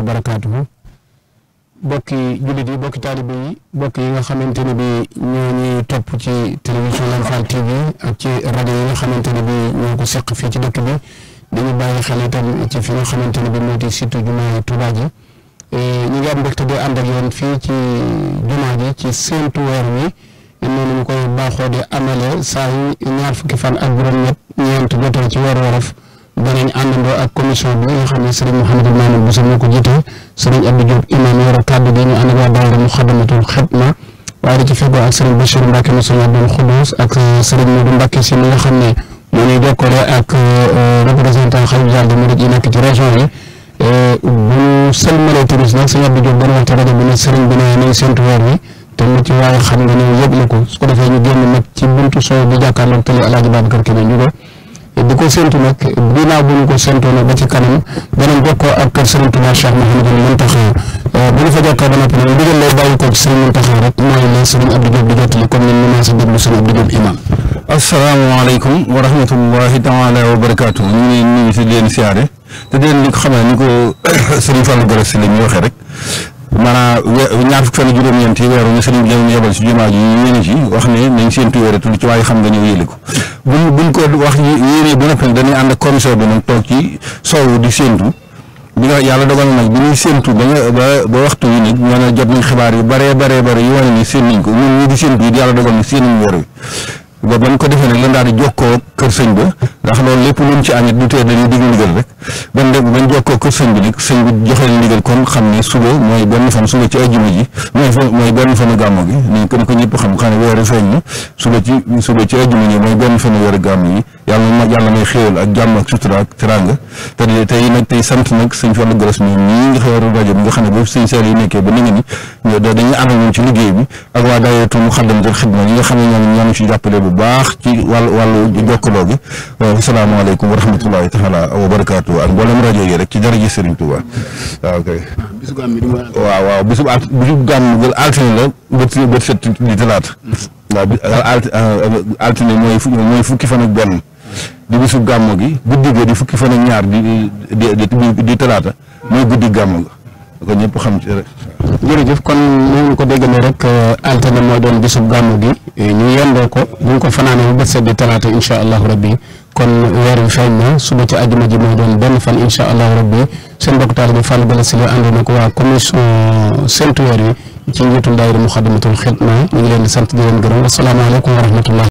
wa barakaatuhu bokki jullit yi bokki taalibe yi bokki yi nga xamante ne bi ñoo ñuy topp ci télévision Lamfal TV ak ci rajo yi nga xamante ne bi ñoo ko seq ci dëkk bi dañu bàyyi xel itam ci fi nga xamante ne bi moo di surtout jumaa Tuubaa ji e, ñu ngi am mbégte di ànd ak fii ci jumaa ji ci seentu weer wi noonu ñu koy baaxoo di amale saa yu ñaar fukki fan ak juróom-ñett ñeent jotee ci weeru wolof danañ àndandoo ak commission bi xam ne sëriñ Mouhamadou Mamoun Bousso moo ko jiite sëriñ Abdou Diop imam yore kàddu gi ñu ànd ak waa daayira Muxaddamatul Xidma waaye mu sëriñ Abdoul Khoudous ak euh, sëriñ Modou Mbacke xam ne moo ñuy jokkale ak euh, représentant xarit Diallo mu di nekk ci région yi euh, bu ñu sëlmalee turist nag rajo bi ne sëriñ ne nañ séntu weer wi te lu waaye xam nga ne yëg na ko su ko defee ñu génn nag ci buntu soow bi jàkkaarloog télé Alaaji Babacar Kébé ñu ko di ko séntu nag ginnaaw bu ñu ko séntoona ba ci kanam danañ jokkoo ak kër Serigne Touba Cheikh Mouhamadou Mountakha euh, bu ñu fa jokkoo ba noppi nag ndigal lay bàyyi ko ci Serigne Mountakha rek mooy la Serigne Abdou Diop di jottali comme ni ñu si déglu Serigne Abdou Diop imam asalaamaaleykum wa rahmatullahi taala wa barakaatu ñu ngi nuyu si leen siyaare te di leen xamal ni ko Serigne Fallou Gora si la ñu waxee rek maanaam ñaar fukki fan ak juróom-ñeent yi weeru ñu sëriñ bi leen yebal si jumaa ji ñu ci wax ne nañ seen tuwéeratul ci waaye xam nga ñëw yëli ko bu buñ ko wax yéene bu noppi dañuy ànd ak commission bi nag toog ci soowu di séentu bi nga yàlla dogal nag bi ñuy séentu ba nga ba waxtu wi nag ñoo ne jot nañ xibaar yu baree baree bare yu wane ko ñun ñi di séentu yi yàlla dogal nag séenuñ ba ban ko defee nag lan daal di jokkoo kër sëñ ba ndax loolu lépp luñ ci añet du tee dañuy digg ndigal rek ban de ban jokkoo kër sëñ bi nag sëñ bi joxe ndigal kon xam ne suba mooy benn fan suba ci ajjuma ji gàmmu gi mais comme que ñëpp xam xam ne weeru feeñ na suba ci suba ci ajjuma ñi mooy benn fan weeru gàmmu yi yàlla ma yàlla may xéewal ak jàmm ak sutura ak teraanga te tey tey sant nag suñ Fallou Gallass ñoom ñii nga xewar rajo bi xam ne boobu sëñ Sall yi nekkee ba ni nga ni ñoo dañuy ànd ñoom ci liggéey bi ak waa daayatu Muxaddamatul Xidma ñi nga xam ne ñoom ñoo ci jàppale bu baax ci wàllu wàllu jokkaloo gi asalaamaaleykum wa rahmatullahi taala wa barakaatu ak mboolem rajo yi rek ci daraja Sëriñ Tuubaa waaw kay bisu waaw waaw bisu at bisu gàmm gën altine la bët set di talaata. waaw bi euh, euh, altine mooy mooy fukki fanu ak benn. di bisu gàmm gi guddi gi di fukki fan ñaar di di di talaata. mooy guddi gàmm ga. kon ñëpp xam ci rek. kon ñu ngi ko déggandoo rek euh, altine mooy doon bisu gàmm gi ñu yendoo ko bu ñu ko fanaanee ba bët set di talaata incha allahu rabbi kon weer wi feeñ na suba ci àjjuma ji moo doon benn fan incha allahu rabbi seen mbokk taal bi Fallou Bala Sylla ànd na ko waa commission euh, séntu weer wi ci njiitul daayira Muxaddamatul Xidma ñu ngi leen di sant di leen gërëm wasalaamaaleykum wa rahmatullah